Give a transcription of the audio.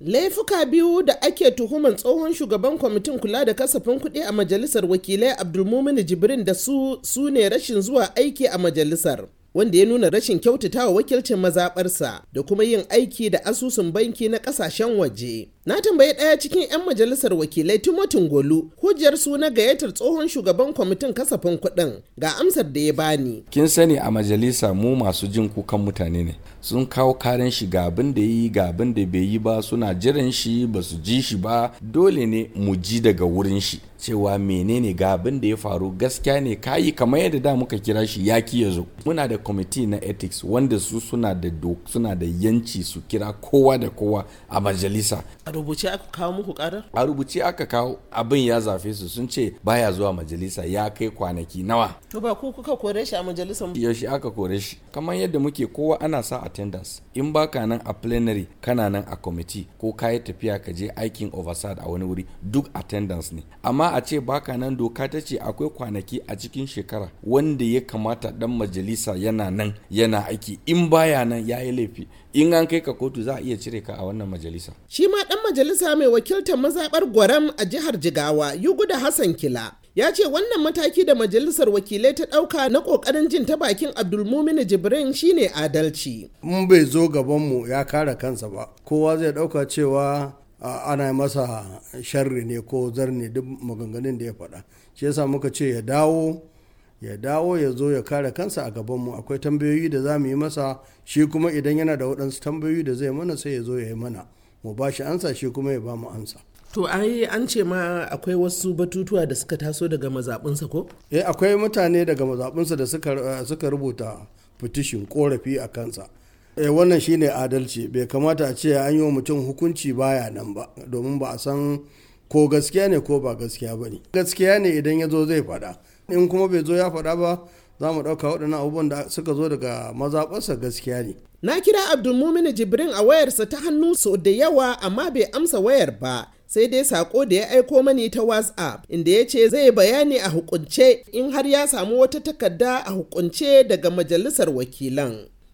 laifuka biyu da ake tuhumar tsohon shugaban kwamitin kula da kasafin kuɗi a majalisar wakilai abdulmumin jibrin da su su ne rashin zuwa aiki a majalisar wanda ya nuna rashin kyautata wa wakilcin mazaɓarsa da kuma yin aiki da asusun banki na ƙasashen waje. Na tambayi ɗaya cikin 'yan majalisar wakilai Timotin Golu hujjar suna gayyatar tsohon shugaban kwamitin kasafin kuɗin ga amsar da ya bani. Kin sani a majalisa mu masu jin kukan mutane ne sun kawo karen shi ga abin da yi ga abin da bai yi ba suna jiran shi ba su ji shi ba dole ne mu ji daga wurin shi. cewa menene ga abin da ya faru gaskiya ne kayi kamar yadda da muka kira shi ya ya zo muna da kwamiti na ethics wanda su suna da suna da yanci su kira kowa da kowa a majalisa a rubuce aka kawo muku karar a rubuce aka kawo abin ya zafe su sun ce baya zuwa majalisa ya kai kwanaki nawa to ba ku kuka kore shi a majalisa mu. yaushe aka kore shi kamar yadda muke kowa ana sa attendance in baka nan a plenary kana nan a kwamiti ko kayi tafiya ka je aikin oversight a wani wuri duk attendance ne amma a ce baka nan doka ta ce akwai kwanaki a cikin shekara wanda ya kamata dan majalisa yana nan yana aiki in baya nan ya yi laifi in an kai ka kotu za a iya cire ka a wannan majalisa. Shi ma dan majalisa mai wakiltar mazabar Gwaram a jihar Jigawa Yuguda Hassan Kila ya ce wannan mataki da majalisar wakilai ta dauka na kokarin jin ta bakin abdulmumin jibrin shine adalci in bai zo gaban mu ya kare kansa ba kowa zai ɗauka cewa ana masa sharri ne ko zarne duk maganganun da ya faɗa shi yasa muka ce ya dawo ya dawo ya zo ya kare kansa a gabanmu akwai tambayoyi da za mu yi masa shi kuma idan yana da waɗansu tambayoyi da zai mana sai ya zo ya yi mana mu ba shi ansa shi kuma ya ba mu ansa to ai an ce ma akwai wasu batutuwa da suka taso daga mazaɓinsa ko eh akwai mutane daga mazaɓinsa da suka rubuta fitishin korafi a kansa e wannan shine adalci bai kamata a ce an yi wa mutum hukunci baya nan ba domin ba a san ko gaskiya ne ko ba gaskiya ba ne gaskiya ne idan ya zo zai faɗa in kuma bai zo ya faɗa ba za mu ɗauka waɗannan abubuwan da suka zo daga mazaɓarsa gaskiya ne na kira abdulmumin jibrin a wayarsa ta hannu sau da yawa amma bai amsa wayar ba sai dai sako da ya aiko mani ta whatsapp inda ya ce zai bayani a hukunce in har ya samu wata takarda a hukunce daga majalisar wakilan